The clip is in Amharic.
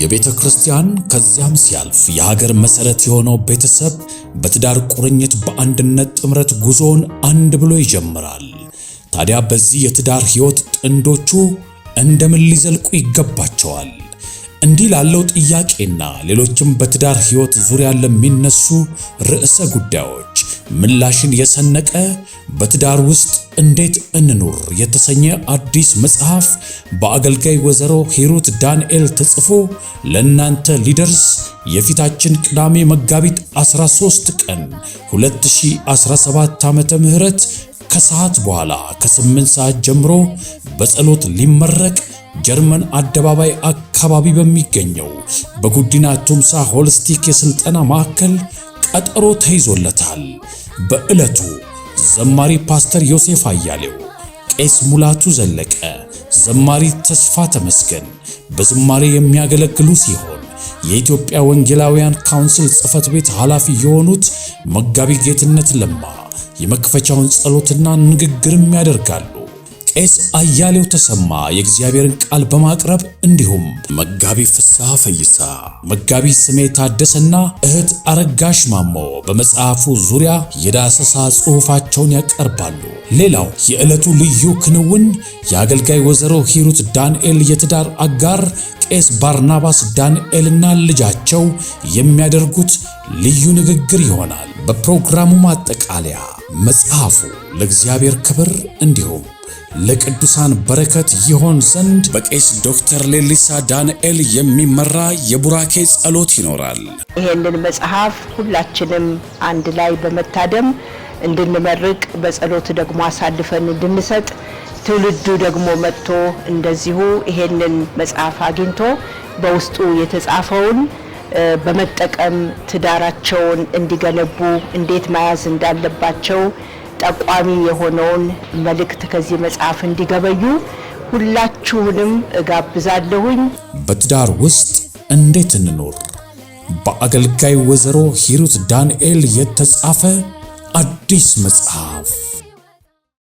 የቤተ ክርስቲያን ከዚያም ሲያልፍ የሀገር መሰረት የሆነው ቤተሰብ በትዳር ቁርኝት በአንድነት ጥምረት ጉዞውን አንድ ብሎ ይጀምራል። ታዲያ በዚህ የትዳር ህይወት ጥንዶቹ እንደምን ሊዘልቁ ይገባቸዋል? እንዲህ ላለው ጥያቄና ሌሎችም በትዳር ህይወት ዙሪያ ለሚነሱ ርዕሰ ጉዳዮች ምላሽን የሰነቀ በትዳር ውስጥ እንዴት እንኑር የተሰኘ አዲስ መጽሐፍ በአገልጋይ ወይዘሮ ሂሩት ዳንኤል ተጽፎ ለእናንተ ሊደርስ የፊታችን ቅዳሜ መጋቢት 13 ቀን 2017 ዓመተ ምህረት ከሰዓት በኋላ ከ8 ሰዓት ጀምሮ በጸሎት ሊመረቅ ጀርመን አደባባይ አካባቢ በሚገኘው በጉዲና ቱምሳ ሆልስቲክ የሥልጠና ማዕከል ቀጠሮ ተይዞለታል። በዕለቱ ዘማሪ ፓስተር ዮሴፍ አያሌው፣ ቄስ ሙላቱ ዘለቀ፣ ዘማሪ ተስፋ ተመስገን በዝማሬ የሚያገለግሉ ሲሆን የኢትዮጵያ ወንጌላውያን ካውንስል ጽሕፈት ቤት ኃላፊ የሆኑት መጋቢ ጌትነት ለማ የመክፈቻውን ጸሎትና ንግግርም ያደርጋሉ። ቄስ አያሌው ተሰማ የእግዚአብሔርን ቃል በማቅረብ እንዲሁም መጋቢ ፍስሐ ፈይሳ፣ መጋቢ ስሜ ታደሰና እህት አረጋሽ ማሞ በመጽሐፉ ዙሪያ የዳሰሳ ጽሑፋቸውን ያቀርባሉ። ሌላው የዕለቱ ልዩ ክንውን የአገልጋይ ወይዘሮ ሂሩት ዳንኤል የትዳር አጋር ቄስ ባርናባስ ዳንኤልና ልጃቸው የሚያደርጉት ልዩ ንግግር ይሆናል። በፕሮግራሙ ማጠቃለያ መጽሐፉ ለእግዚአብሔር ክብር እንዲሁም ለቅዱሳን በረከት ይሆን ዘንድ በቄስ ዶክተር ሌሊሳ ዳንኤል የሚመራ የቡራኬ ጸሎት ይኖራል። ይህንን መጽሐፍ ሁላችንም አንድ ላይ በመታደም እንድንመርቅ በጸሎት ደግሞ አሳልፈን እንድንሰጥ ትውልዱ ደግሞ መጥቶ እንደዚሁ ይሄንን መጽሐፍ አግኝቶ በውስጡ የተጻፈውን በመጠቀም ትዳራቸውን እንዲገነቡ እንዴት መያዝ እንዳለባቸው ጠቋሚ የሆነውን መልእክት ከዚህ መጽሐፍ እንዲገበዩ ሁላችሁንም እጋብዛለሁኝ። በትዳር ውስጥ እንዴት እንኖር በአገልጋይ ወይዘሮ ሂሩት ዳንኤል የተጻፈ አዲስ መጽሐፍ